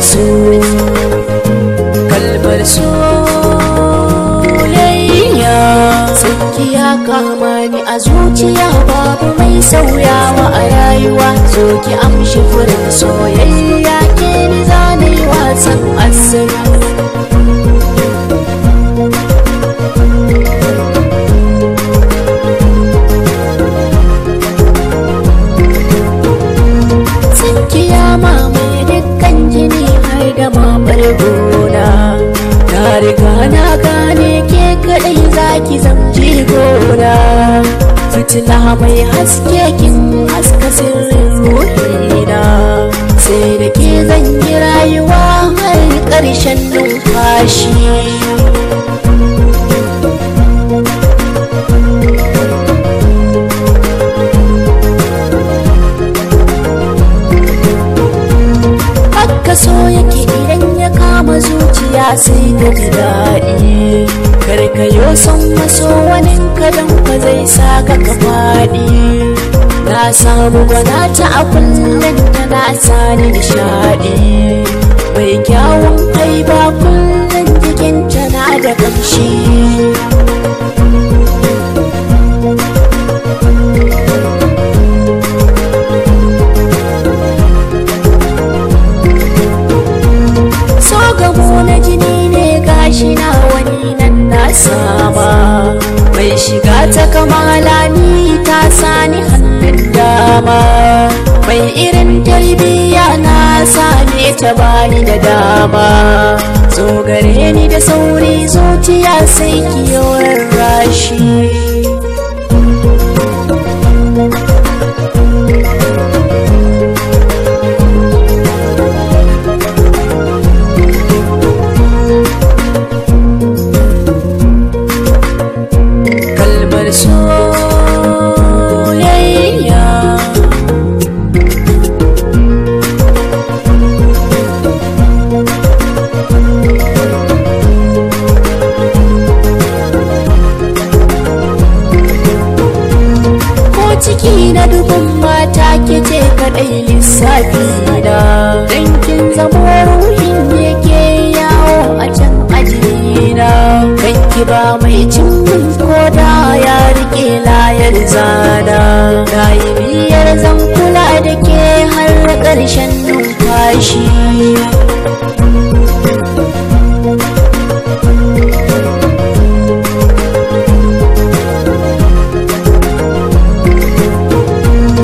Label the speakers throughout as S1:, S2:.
S1: su kalmar soyayya tsakiya kama ni a zuciya babu mai sauyawa a rayuwa zo ki amshi furin soyayya keni ni zane wasan gona na riga na gane ke kaɗai zaki zamji gona fitila mai haske kin haska sirrin ruhina sai da ke zan yi rayuwa har ƙarshen numfashi Allah sai ka ji daɗi karkayo son maso wanin kadan ka zai sa ka ka faɗi na samu ta a kullum tana sa ni nishaɗi mai kyawun kai ba kullum jikin na da ƙamshi. na saba mai shiga ta kamala ni ta sani hannun dama mai irin tarbiyya na same ta bani da dama so gare ni da sauri zuciya sai kiyo kalmar soyayya Ko ciki na dubin mata ke ce kaɗai lissafi na zan zana rayu biyar zan kula da ke har ƙarshen numfashi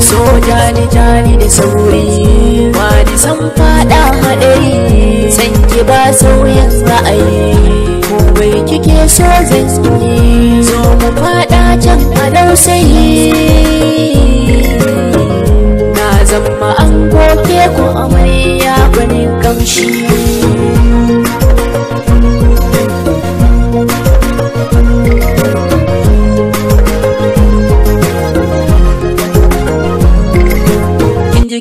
S1: so jani jani da sauri wani san faɗa haɗari san ki ba sauyin ra'ayi ko kike so zan sai na zama an koke ku amarya bane kamshi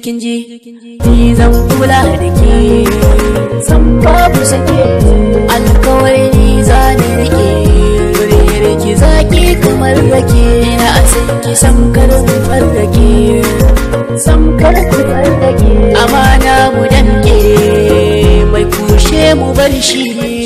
S1: kinji kinji zan kula da ke zan babu sake Allah farrake na a sanki samkar ku farrake samkar ku farrake amana mu danke mai kushe mu bar shi